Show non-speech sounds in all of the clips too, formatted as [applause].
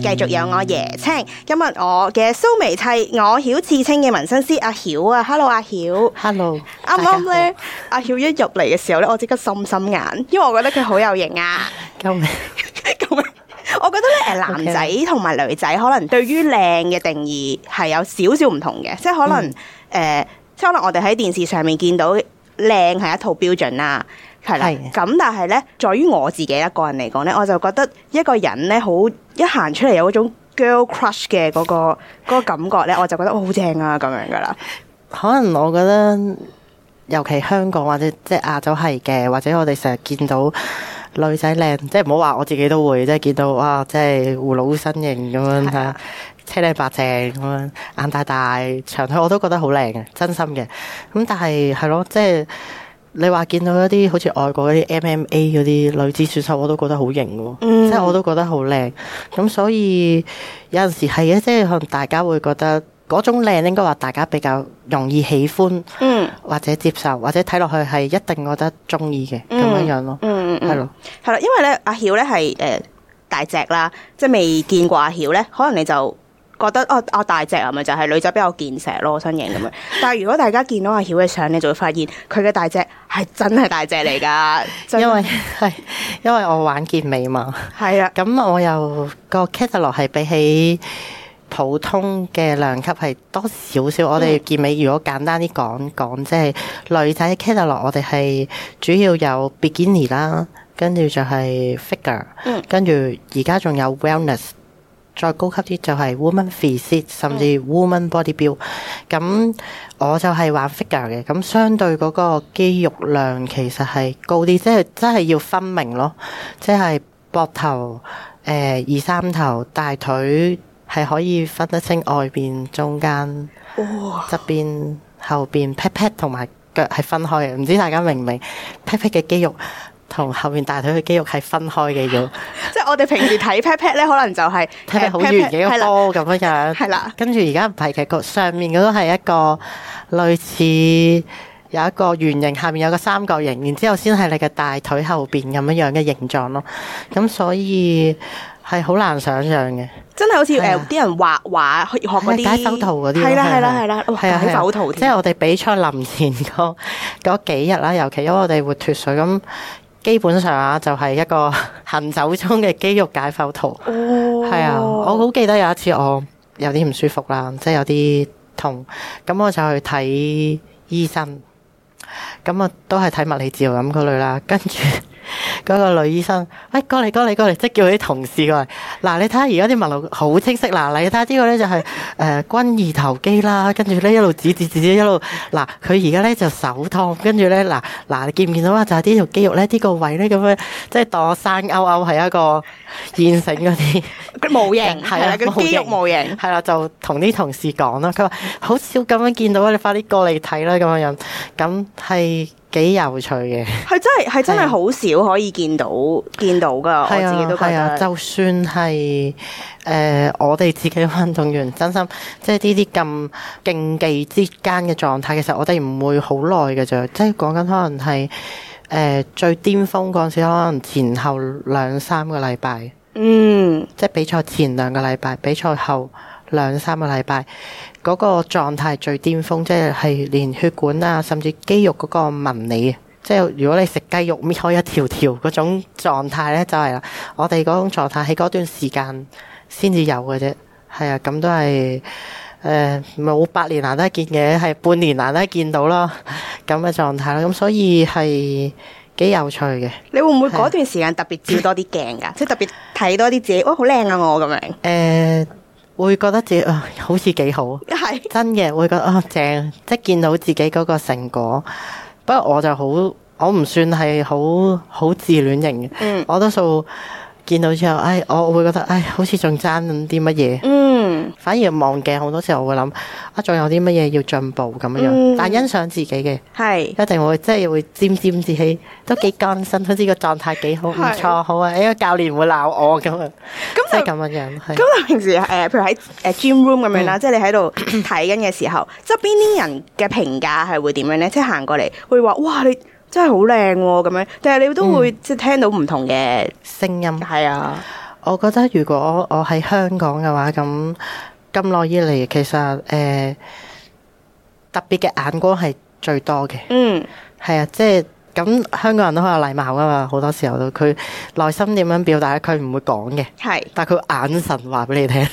繼續有我椰青，今日我嘅蘇眉替我曉刺青嘅紋身師阿曉啊，Hello 阿曉，Hello，啱啱咧，阿曉一入嚟嘅時候咧，我即刻心心眼，因為我覺得佢好有型啊，救命救命！ [laughs] 我覺得咧，誒男仔同埋女仔可能對於靚嘅定義係有少少唔同嘅，即係可能誒、嗯呃，即係可能我哋喺電視上面見到靚係一套標準啦、啊。係啦，咁是但係咧，在於我自己一個人嚟講咧，我就覺得一個人咧好一行出嚟有嗰種 girl crush 嘅嗰個嗰個感覺咧，我就覺得好正啊，咁樣噶啦。可能我覺得，尤其香港或者即亞洲係嘅，或者我哋成日見到女仔靚，即唔好話我自己都會，即見到啊，即係葫蘆身形咁樣，青靚是的、啊、白淨咁樣，眼大大、長腿，我都覺得好靚嘅，真心嘅。咁但係係咯，即係。即你話見到一啲好似外國嗰啲 MMA 嗰啲女子選手，我都覺得好型喎，mm hmm. 即係我都覺得好靚。咁所以有陣時係嘅，即係可能大家會覺得嗰種靚，應該話大家比較容易喜歡，mm hmm. 或者接受，或者睇落去係一定覺得中意嘅咁樣樣咯。係咯、mm，係、hmm. 啦，因為咧阿曉咧係誒大隻啦，即係未見過阿曉咧，可能你就，覺得哦，我、啊啊、大隻啊嘛，就係、是、女仔比較健碩咯，身形咁樣。 [laughs] 但係如果大家見到阿曉嘅相，你就會發現佢嘅大隻係真係大隻嚟㗎，因為係因為我玩健美嘛，係啊。咁我又、那個 catello 係比起普通嘅量級係多少少。嗯、我哋健美如果簡單啲講講，即係女仔 catello，我哋係主要有 Bikini 啦，跟住就係 figure、嗯、跟住而家仲有 wellness。再高級啲就係 woman physique 甚至 woman body build。咁我就係玩 figure 嘅，咁相對嗰個肌肉量其實係高啲，即係真係要分明咯，即係膊頭、誒、呃、二三頭、大腿係可以分得清外邊、中間、側邊、oh.、後邊 pat pat 同埋腳係分開嘅，唔知大家明唔明 pat pat 嘅肌肉？同後面大腿嘅肌肉係分開嘅啫， [laughs] 即係我哋平時睇 pat pat 咧，可能就係睇 pat 好圓嘅個波咁樣樣，係啦。跟住而家唔係嘅個上面嗰個係一個類似有一個圓形，下面有個三角形，然之後先係你嘅大腿後邊咁樣樣嘅形狀咯。咁所以係好難想象嘅，真係好似誒啲人畫畫學嗰啲解剖圖嗰啲，係啦係啦係啦，解剖圖的。即係我哋比賽臨前個嗰幾日啦、啊，尤其因為我哋會脱水咁。嗯嗯基本上啊，就係、係、一個 [laughs] 行走中嘅肌肉解剖圖。係、oh. 啊，我好記得有一次我有啲唔舒服啦，即係有啲痛，咁我就去睇醫生。咁啊，都係睇物理治療咁嗰類啦，跟住。 [laughs] 嗰個女醫生，喂、哎，過嚟，過嚟，過嚟，即叫佢啲同事過嚟。嗱，你睇下而家啲紋路好清晰。嗱，你睇下呢個咧就係、是、誒，肱二頭肌啦，跟住咧一路指指指指一路。嗱，佢而家咧就手燙，跟住咧嗱嗱，你見唔見到啊？就係呢條肌肉咧，呢、這個位咧咁樣，即係當生勾勾係一個現成嗰啲模型，係形 [laughs] 啊，佢肌肉模型係啦，就同啲同事講啦。佢話好少咁樣見到啊，你快啲過嚟睇啦。咁樣樣咁係。幾有趣嘅，係真係，係真係好少可以見到是見到噶，我自己都覺得、啊啊、就算係誒、呃，我哋自己運動員，真心即係呢啲咁競技之間嘅狀態，其實我哋唔會好耐嘅咋，即係講緊可能係誒、呃、最巔峰嗰時，可能前後兩三個禮拜。嗯，即係比賽前兩個禮拜，比賽後兩三個禮拜。嗰個狀態最巔峰，即係係連血管啊，甚至肌肉嗰個紋理啊，即係如果你食雞肉搣開一條條嗰種狀態咧，就係、是、啦。我哋嗰種狀態喺嗰段時間先至有嘅啫，係啊，咁都係誒冇百年難得見嘅，係半年難得見到咯，咁嘅狀態咯，咁、嗯、所以係幾有趣嘅。你會唔會嗰段時間特別照多啲鏡㗎？ [laughs] 即係特別睇多啲自己，哇，好靚啊！我咁樣誒。會覺得自己啊、呃，好似幾好， [laughs] 真嘅，會覺得、呃、正，即係見到自己嗰個成果。不過我就好，我唔算係好好自戀型嘅，嗯、我多數。見到之後，唉，我會覺得，唉，好似仲爭啲乜嘢，嗯，反而忘記好多時候我會諗，啊，仲有啲乜嘢要進步咁樣，但欣賞自己嘅，係，一定會，即係會沾沾自喜，都幾乾身，好似個狀態幾好，唔錯，好啊，因為教練會鬧我咁樣，即係咁樣樣，咁你平時誒，譬如喺誒 gym room 咁樣啦，即係你喺度睇緊嘅時候，側邊啲人嘅評價係會點樣咧？即係行過嚟會話，哇，你。真係好靚喎，咁樣，但係你都會即係聽到唔同嘅聲、嗯、音。係是啊，我覺得如果我喺香港嘅話，咁咁耐以嚟，其實誒、呃、特別嘅眼光係最多嘅。嗯，係啊，即係咁香港人都好有禮貌啊嘛，好多時候都佢內心點樣表達，佢唔會講嘅，係是，但佢眼神話俾你聽。 [laughs]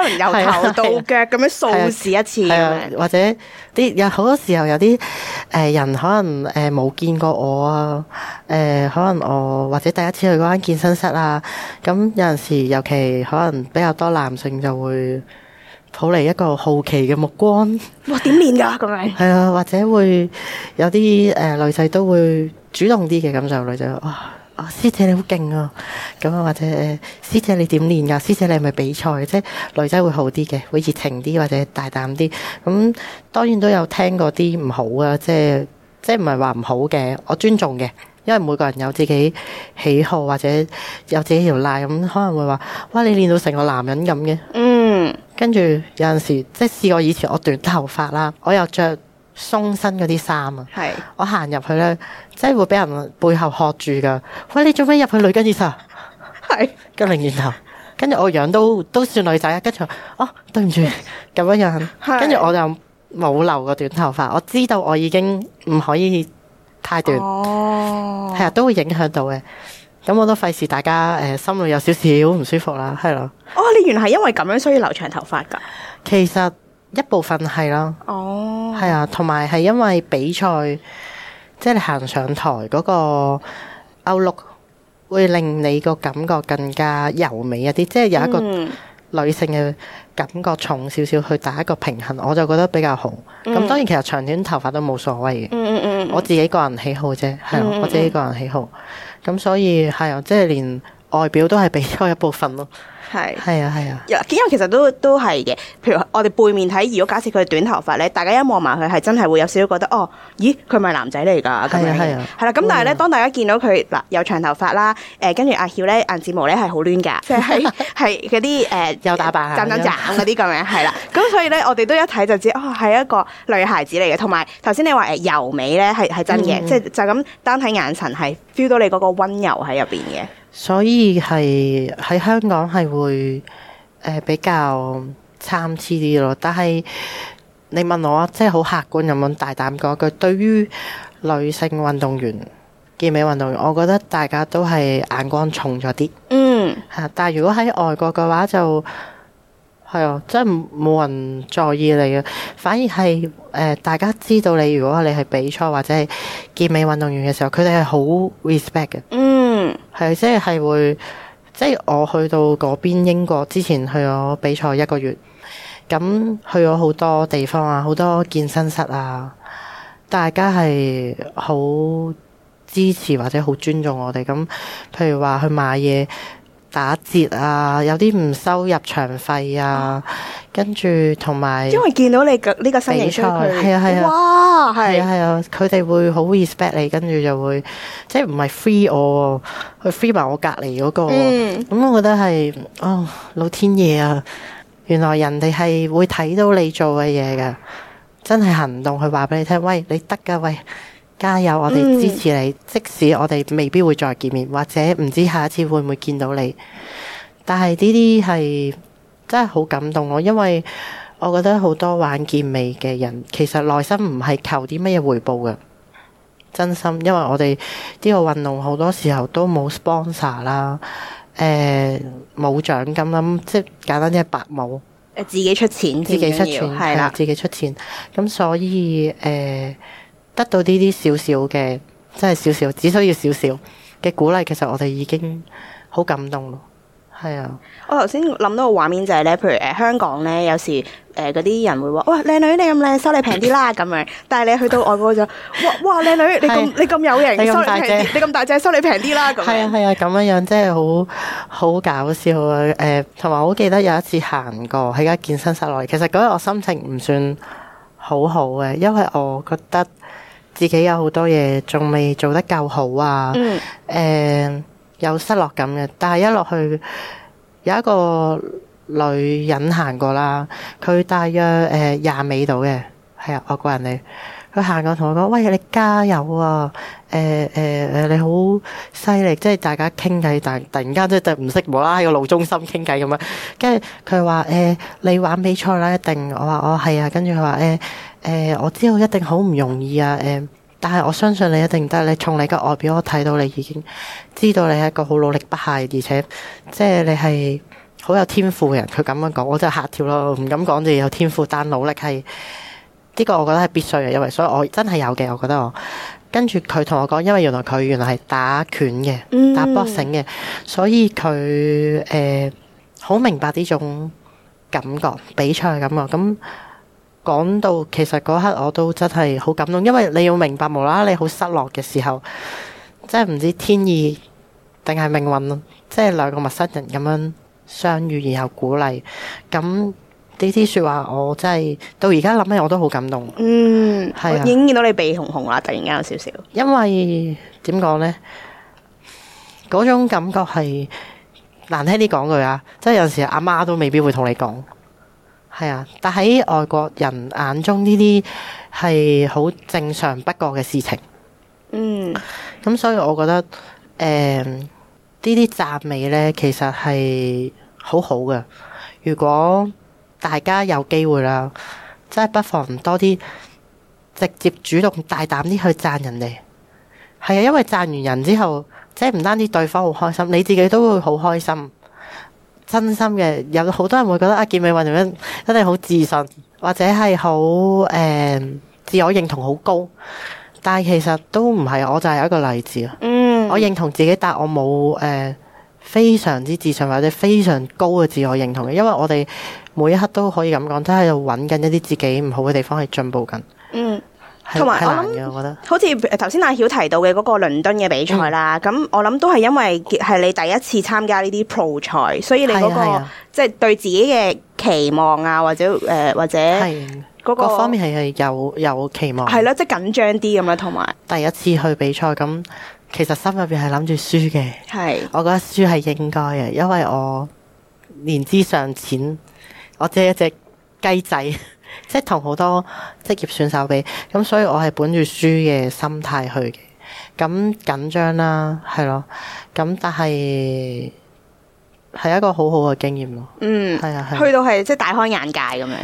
由頭到腳咁樣掃視一次，啊啊啊、或者啲有好多時候有啲誒、呃、人可能誒冇、呃、見過我啊，誒、呃、可能我或者第一次去嗰間健身室啊，咁有陣時尤其可能比較多男性就會抱嚟一個好奇嘅目光。哇！點練㗎咁樣？係啊，或者會有啲誒、呃、女仔都會主動啲嘅感受女仔啊。哇啊，師姐你好勁啊！咁、嗯、啊，或者師姐你點練㗎？師姐你係咪比賽？即係女仔會好啲嘅，會熱情啲或者大膽啲。咁、嗯、當然都有聽過啲唔好啊，即係即係唔係話唔好嘅，我尊重嘅，因為每個人有自己喜好或者有自己條賴，咁、嗯、可能會話：哇，你練到成個男人咁嘅。嗯。跟住有陣時即係試過以前我短頭髮啦，我又着。鬆身嗰啲衫啊，係是我行入去咧，即係會俾人背後喝住噶。喂，你做咩入去女更衣室？係更衣間頭，跟住我樣都都算女仔。啊。跟住哦，對唔住咁樣樣。跟住我就冇留個短頭髮，我知道我已經唔可以太短，係、哦、啊，都會影響到嘅。咁我都費事大家誒、呃，心裏有少少唔舒服啦，係咯、啊。哦，你原來係因為咁樣所以留長頭髮噶？其實一部分係咯。哦。係啊，同埋係因為比賽，即係你行上台嗰、那個歐陸，會令你個感覺更加柔美一啲，即係有一個女性嘅感覺重少少去打一個平衡，我就覺得比較好。咁當然其實長短頭髮都冇所謂嘅，嗯嗯嗯，我自己個人喜好啫，係、啊、我自己個人喜好。咁所以係啊，即係連外表都係比賽一部分咯。係，係啊，係啊，因為其實都都係嘅，譬如我哋背面睇，如果假設佢短頭髮咧，大家一望埋佢，係真係會有少少覺得，哦，咦，佢咪男仔嚟噶？咁樣係啊，係啦，咁但係咧，當大家見到佢嗱有長頭髮啦，誒，跟住阿曉咧，眼睫毛咧係好亂噶，即係係嗰啲誒有打扮、爭爭爭嗰啲咁樣，係啦，咁所以咧，我哋都一睇就知，哦，係一個女孩子嚟嘅。同埋頭先你話誒柔美咧係係真嘅，即係就咁單睇眼神係 feel 到你嗰個溫柔喺入邊嘅。所以係喺香港係會誒、呃、比較參差啲咯，但係你問我即係好客觀咁樣大膽講句，對於女性運動員、健美運動員，我覺得大家都係眼光重咗啲。嗯，吓，但係如果喺外國嘅話就係啊，真係冇人在意你啊，反而係誒、呃、大家知道你，如果你係比賽或者係健美運動員嘅時候，佢哋係好 respect 嘅。嗯係即係會，即係我去到嗰邊英國之前去咗比賽一個月，咁去咗好多地方啊，好多健身室啊，大家係好支持或者好尊重我哋，咁譬如話去買嘢。打折啊，有啲唔收入場費啊，跟住同埋，因為見到你呢個身形出去，係啊係啊，哇係、啊，係啊佢哋、啊啊啊啊、會好 respect 你，跟住就會即係唔係 free 我，佢 free 埋我隔籬嗰、那個，咁、嗯嗯、我覺得係，哦老天爺啊，原來人哋係會睇到你做嘅嘢噶，真係行動去話俾你聽，喂你得噶喂。加油！我哋支持你。嗯、即使我哋未必會再見面，或者唔知下一次會唔會見到你，但係呢啲係真係好感動我，因為我覺得好多玩健美嘅人，其實內心唔係求啲乜嘢回報嘅，真心。因為我哋呢個運動好多時候都冇 sponsor 啦，誒、呃，冇獎、嗯、金啦，即係簡單啲係白冇，自己出錢，自己出錢係啦，自己出錢。咁所以誒。呃得到呢啲少少嘅，即係少少，只需要少少嘅鼓勵，其實我哋已經好感動咯。係啊，我頭先諗到個畫面就係、是、咧，譬如誒香港咧，有時誒嗰啲人會話，哇，靚女你咁靚，收你平啲啦咁樣。但係你去到外國就，哇哇，靚女你咁是你咁有型，你咁大隻，你咁大隻，收你平啲啦。係啊係啊，咁樣樣真係好好搞笑啊！誒，同埋我好記得有一次行過喺間健身室內，其實嗰日我心情唔算。好好嘅，因為我覺得自己有好多嘢仲未做得夠好啊，誒、嗯呃、有失落感嘅。但係一落去有一個女人行過啦，佢大約誒廿尾度嘅，係、呃、啊外國人嚟。佢行過同我講：「喂，你加油啊！誒誒誒，你好犀利！即係大家傾偈，但突然間即係唔識無啦啦喺個路中心傾偈咁樣。跟住佢話：誒、呃，你玩比賽啦，一定。我話：我係啊。跟住佢話：誒、呃、誒，我知道一定好唔容易啊。誒、呃，但係我相信你一定得。你從你嘅外表，我睇到你已經知道你係一個好努力不懈，而且即係你係好有天賦嘅人。佢咁樣講，我就吓跳咯，唔敢講就有天賦，但努力係呢、這個，我覺得係必須嘅，因為所以我真係有嘅，我覺得我。跟住佢同我講，因為原來佢原來係打拳嘅，mm. 打 boxing 嘅，所以佢誒好明白呢種感覺，比賽嘅感覺。咁講到其實嗰刻我都真係好感動，因為你要明白無啦啦你好失落嘅時候，即係唔知天意定係命運咯，即係兩個陌生人咁樣相遇然後鼓勵咁。呢啲說話我真係到而家諗起我都好感動。嗯，係啊，我已經見到你鼻紅紅啦，突然間有少少。因為點講呢？嗰種感覺係難聽啲講句啊，即係有時阿媽，媽都未必會同你講。係啊，但喺外國人眼中呢啲係好正常不過嘅事情。嗯，咁、嗯、所以我覺得誒呢啲讚美呢，其實係好好嘅。如果大家有機會啦，真係不妨多啲直接主動大膽啲去讚人哋。係啊，因為讚完人之後，即係唔單止對方好開心，你自己都會好開心。真心嘅。有好多人會覺得啊，健美運點一定好自信，或者係好誒自我認同好高。但係其實都唔係，我就係有一個例子啊。嗯，我認同自己，但我冇誒、呃、非常之自信或者非常高嘅自我認同嘅，因為我哋。每一刻都可以咁講，都係要搵緊一啲自己唔好嘅地方去進步緊。嗯，同埋我諗想，我覺得好似誒頭先阿曉提到嘅嗰個倫敦嘅比賽啦，咁、嗯、我諗都係因為係你第一次參加呢啲 Pro 賽，所以你嗰、那個即係、啊啊、對自己嘅期望啊，或者誒、呃、或者嗰、那個、啊、方面係係有有期望，係咯、啊，即係緊張啲咁樣，同埋第一次去比賽，咁其實心入邊係諗住輸嘅，係是，我覺得輸係應該嘅，因為我年資尚淺。我只係一隻雞仔， [laughs] 即係同好多職業選手比，咁所以我係本住輸嘅心態去嘅，咁緊張啦，係咯，咁但係係一個好好嘅經驗咯，嗯，係啊，去到係即係大開眼界咁樣，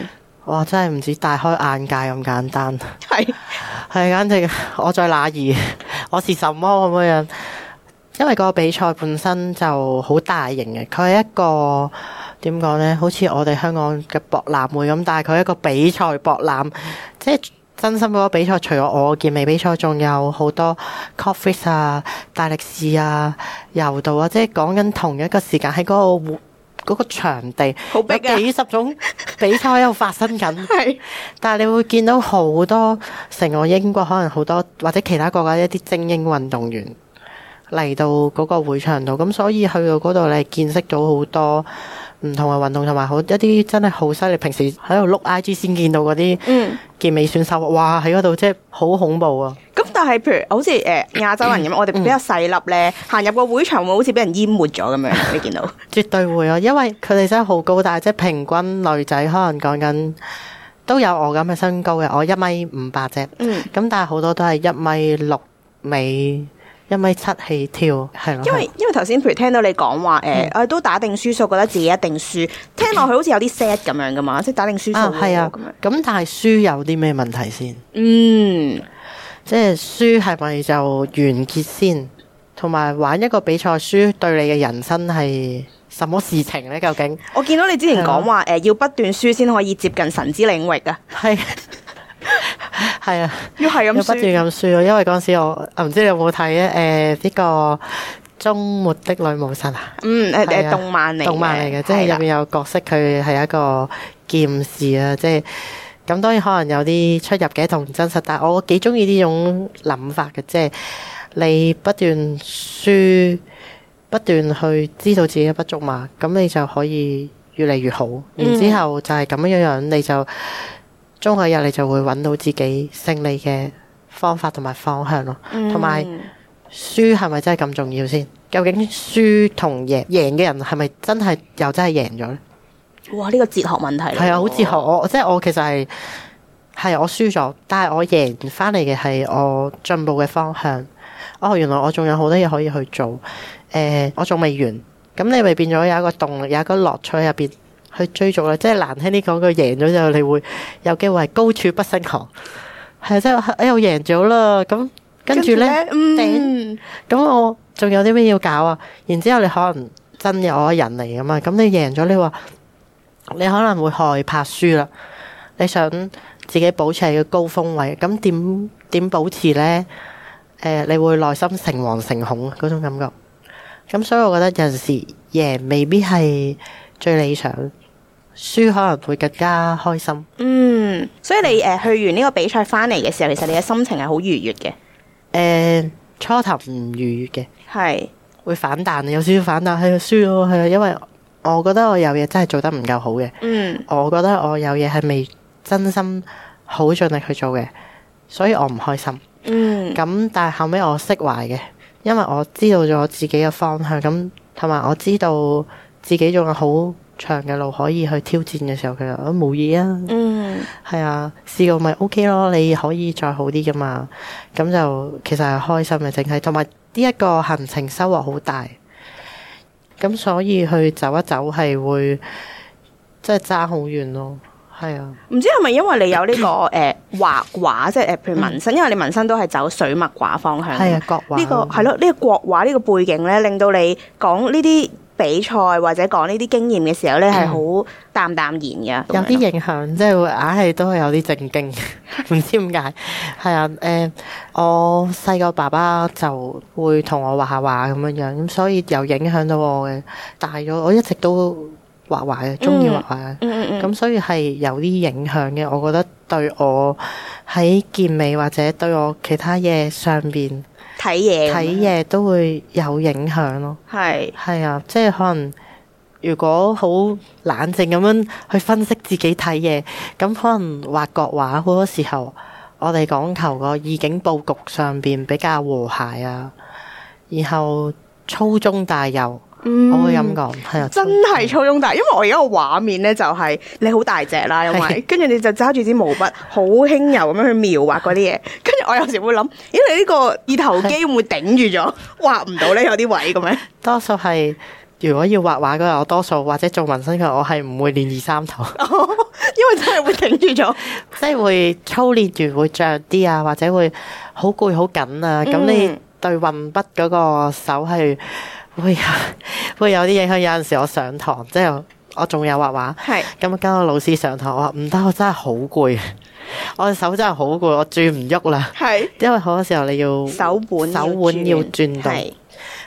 哇，真係唔止大開眼界咁簡單，係係簡直我在哪兒？我是什麼咁樣，因為個比賽本身就好大型嘅，佢係一個。點講呢？好似我哋香港嘅博覽會咁，但係佢一個比賽博覽，即係真心嗰個比賽。除咗我，我健美比賽，仲有好多 coffee 啊、大力士啊、柔道啊，即係講緊同一個時間喺嗰個嗰、嗰個場地，好逼啊，有幾十種比賽喺度發生緊。 [laughs] 是但係你會見到好多成個英國可能好多或者其他國家一啲精英運動員嚟到嗰個會場度，咁所以去到嗰度你係見識到好多。唔同嘅運動同埋好一啲真係好犀利，平時喺度碌 I G 先見到嗰啲健美選手，哇喺嗰度即係好恐怖啊！咁、嗯嗯、但係譬如好似誒亞洲人咁，我哋比較細粒咧，行入個會場會好似俾人淹沒咗咁樣，你見到、嗯？絕對會啊，因為佢哋真係好高大，即係平均女仔可能講緊都有我咁嘅身高嘅，我一米五八啫。嗯，咁但係好多都係一米六尾。一米七起跳，係咯。因為因為頭先，譬如聽到你講話，誒、嗯哎，我都打定輸數，覺得自己一定輸，聽落去好似有啲 sad 咁樣噶嘛，即係打定輸數咁啊，咁、啊、但係輸有啲咩問題先？嗯，即係輸係咪就完結先？同埋玩一個比賽輸，對你嘅人生係什麼事情呢？究竟？我見到你之前講話，誒，係啊、要不斷輸先可以接近神之領域噶、啊。係。係 [laughs] 啊，要係咁，要不斷咁輸咯。因為嗰時我唔知你有冇睇，誒呢個終末的女武神啊？嗯，係誒，動漫嚟，動漫嚟嘅，即係入面有角色，佢係一個劍士啊。即係咁，當然可能有啲出入嘅同真實，但係我幾中意呢種諗法嘅，即係你不斷輸，不斷去知道自己嘅不足嘛。咁你就可以越嚟越好，然之後就係咁樣樣，嗯、你就。中學日你就會揾到自己勝利嘅方法同埋方向咯，同埋、嗯、輸係咪真係咁重要先？究竟輸同贏贏嘅人係咪真係又真係贏咗咧？哇！呢、這個哲學問題係啊，好哲學。我即係我其實係係我輸咗，但係我贏翻嚟嘅係我進步嘅方向。哦，原來我仲有好多嘢可以去做。誒、呃，我仲未完，咁你咪變咗有一個動力，有一個樂趣喺入邊。去追逐啦，即係難聽啲講句，贏咗之後你會有機會係高處不勝寒，係即係又贏咗啦。咁跟住呢，頂咁我仲有啲咩要搞啊？然之後你可能真係我人嚟噶嘛？咁你贏咗，你話你可能會害怕輸啦。你想自己保持喺個高峰位，咁點點保持呢？誒、呃，你會內心誠惶誠恐嗰種感覺。咁所以我覺得有陣時贏未必係。最理想輸可能會更加開心。嗯，所以你誒、嗯、去完呢個比賽翻嚟嘅時候，其實你嘅心情係好愉悅嘅。誒、呃，初頭唔愉悅嘅，係是會反彈，有少少反彈。係輸咗，係啊，因為我覺得我有嘢真係做得唔夠好嘅。嗯，我覺得我有嘢係未真心好盡力去做嘅，所以我唔開心。嗯，咁但係後尾我釋懷嘅，因為我知道咗自己嘅方向，咁同埋我知道。自己仲有好長嘅路可以去挑戰嘅時候，佢話我冇嘢啊，係、嗯、啊，試過咪 OK 咯，你可以再好啲噶嘛，咁就其實係開心嘅，淨係同埋呢一個行程收穫好大，咁所以去走一走係會即係差好遠咯，係啊，唔知係咪因為你有呢、這個誒畫畫即係誒譬如紋身，嗯、因為你紋身都係走水墨畫方向，係啊國畫呢、這個係咯呢個國畫呢個背景呢，令到你講呢啲，比賽或者講呢啲經驗嘅時候呢係好淡淡然嘅。有啲影響， [laughs] 即係硬係都係有啲正經，唔 [laughs] 知點解。係啊，誒、呃，我細個爸爸就會同我畫下畫咁樣樣，咁所以有影響到我嘅。大咗我一直都畫畫嘅，中意畫畫。嗯咁、嗯、所以係有啲影響嘅，我覺得對我喺健美或者對我其他嘢上邊。睇嘢睇嘢都會有影響咯，係係是啊，即係可能如果好冷靜咁樣去分析自己睇嘢，咁可能畫國畫好多時候，我哋講求個意境布局上邊比較和諧啊，然後粗中大幼，嗯、我會咁講，係啊，真係粗中大因、就是，因為我而家個畫面咧就係你好大隻啦，因為跟住你就揸住支毛筆好輕柔咁樣去描畫嗰啲嘢。 [laughs] 我有時會諗，咦、哎？你呢個二頭肌會唔會頂住咗，是畫唔到呢有啲位咁樣？多數係如果要畫畫嘅話我，多數或者做紋身嘅我係唔會練二三頭， [laughs] [laughs] 因為真係會頂住咗， [laughs] 即係會操練完會脹啲啊，或者會好攰好緊啊。咁、嗯、你對運筆嗰個手係會會有啲影響。有陣時我上堂即係我仲有畫畫，係咁是跟個老師上堂，我話唔得，我真係好攰。我手真係好攰，我轉唔喐啦。係，因為好多時候你要手腕，手腕要轉動。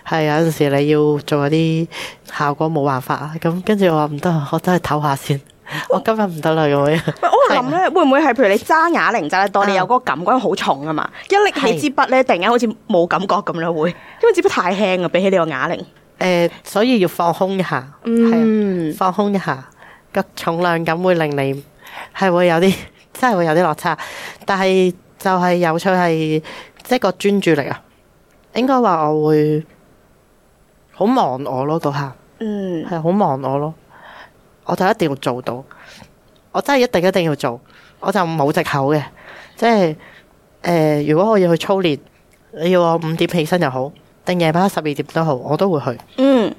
係，有陣時你要做啲效果，冇辦法啊。咁跟住我話唔得，我真係唞下先。我今日唔得啦，會。我諗咧，會唔會係譬如你揸啞鈴揸得多，你有嗰個感覺好重啊嘛？一拎起支筆咧，突然間好似冇感覺咁樣，會？因為支筆太輕啊，比起你個啞鈴。誒，所以要放空一下，係嗯，放空一下個重量感會令你係會有啲。真係會有啲落差，但係就係有趣係，即係個專注力啊，應該話我會好忘我咯，嗰下，嗯，係好忘我咯，我就一定要做到，我真係一定一定要做，我就冇藉口嘅，即係，誒，如果我要去操練，你要我五點起身又好，定夜晚黑十二點都好，我都會去，嗯，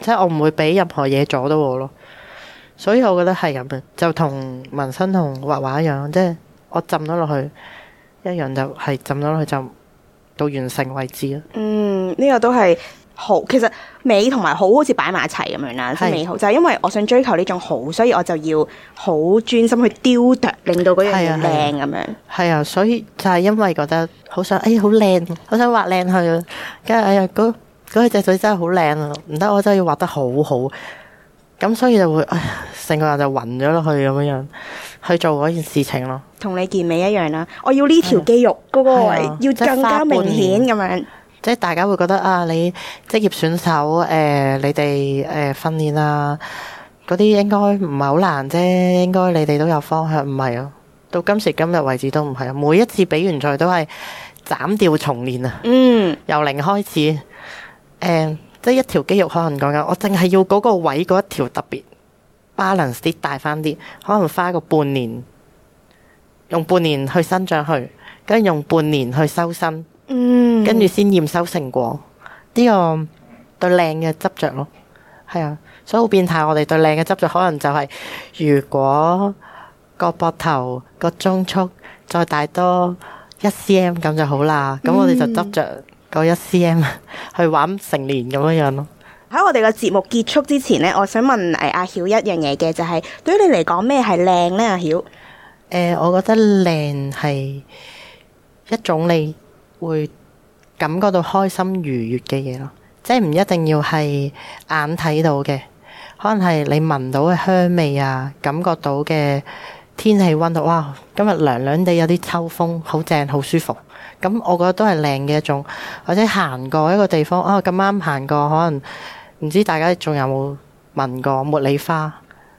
即係我唔會俾任何嘢阻到我咯。所以我覺得係咁嘅，就同紋身同畫畫一樣，即係我浸咗落去，一樣就係浸咗落去就到完成為止咯。嗯，呢個都係好，其實美同埋好好似擺埋一齊咁樣啦，即係美好。就係因為我想追求呢種好，所以我就要好專心去雕琢，令到嗰樣嘢靚咁樣。係啊，啊，啊，所以就係因為覺得好想，哎，好靚，好想畫靚佢。跟住哎呀，嗰嗰隻水真係好靚啊！唔得，我真係要畫得好好。咁所以就會，哎呀，成個人就暈咗落去咁樣樣，去做嗰件事情咯。同你健美一樣啦，我要呢條肌肉嗰、啊、個位要更加明顯咁、啊就是、樣。即係大家會覺得啊，你職業選手誒、呃，你哋誒、呃、訓練啊，嗰啲應該唔係好難啫，應該你哋都有方向，唔係啊，到今時今日為止都唔係啊。每一次比完賽都係斬掉重練啊，嗯，由零開始，誒、嗯。即係一條肌肉，可能講緊，我淨係要嗰個位嗰一條特別 balance 啲，大翻啲，可能花個半年，用半年去生長去，跟住用半年去修身，嗯，跟住先驗收成果。呢個對靚嘅執着咯，係啊，所以好變態。我哋對靚嘅執着可能就係如果個膊頭、個中束再大多一 cm 咁就好啦。咁我哋就執着。嗯個一 cm 去玩成年，咁樣樣咯。喺我哋個節目結束之前呢，我想問誒阿曉一樣嘢嘅就係，對於你嚟講咩係靚呢？阿曉，誒，我覺得靚係一種你會感覺到開心愉悅嘅嘢咯，即係唔一定要係眼睇到嘅，可能係你聞到嘅香味啊，感覺到嘅。天氣溫度，哇！今日涼涼地，有啲秋風，好正，好舒服。咁我覺得都係靚嘅一種，或者行過一個地方，啊咁啱行過，可能唔知大家仲有冇聞過茉莉花。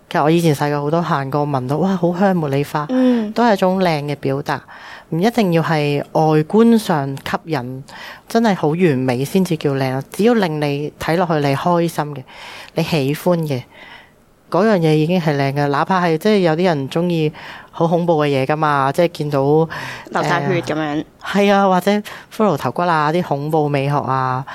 其實我以前細個好多行過，聞到哇，好香茉莉花，都係一種靚嘅表達。唔一定要係外觀上吸引，真係好完美先至叫靚。只要令你睇落去你開心嘅，你喜歡嘅。嗰樣嘢已經係靚嘅，哪怕係即係有啲人中意好恐怖嘅嘢噶嘛，即係見到流晒血咁樣，係、呃、啊，或者骷髏頭骨啊，啲恐怖美學啊，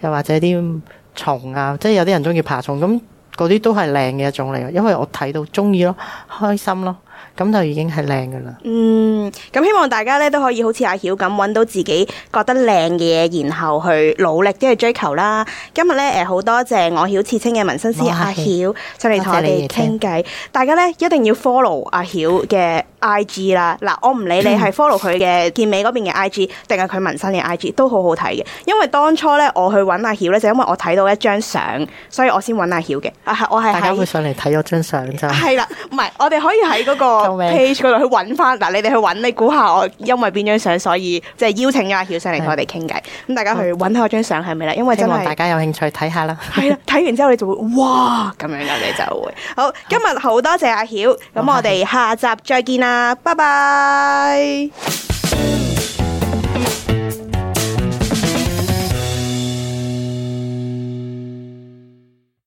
又或者啲蟲啊，即係有啲人中意爬蟲，咁嗰啲都係靚嘅一種嚟嘅，因為我睇到中意咯，開心咯。咁就已經係靚噶啦。嗯，咁希望大家咧都可以好似阿曉咁搵到自己覺得靚嘅嘢，然後去努力跟住、就是、追求啦。今日咧誒，好多謝我曉刺青嘅紋身師阿曉曉，就嚟同我哋傾偈。大家咧一定要 follow 阿曉嘅。I G 啦，嗱，我唔理你係 follow 佢嘅健美嗰邊嘅 I G，定係佢紋身嘅 I G，都好好睇嘅。因為當初咧，我去揾阿曉咧，就是、因為我睇到一張相，所以我先揾阿曉嘅。啊，我係大家會上嚟睇咗張相就係啦，唔係的 [laughs] 我哋可以喺嗰個 page 嗰度去揾翻。嗱，你哋去揾，你估下我因為邊張相，所以即係邀請咗阿曉上嚟同我哋傾偈。咁的大家去揾開嗰張相係咪咧？因為真希望大家有興趣睇下啦。係啦， [laughs] 睇完之後你就會哇咁樣嘅，你就會。好，今日好多謝阿曉，咁 [laughs] 我哋下集再見啦。啊，拜拜。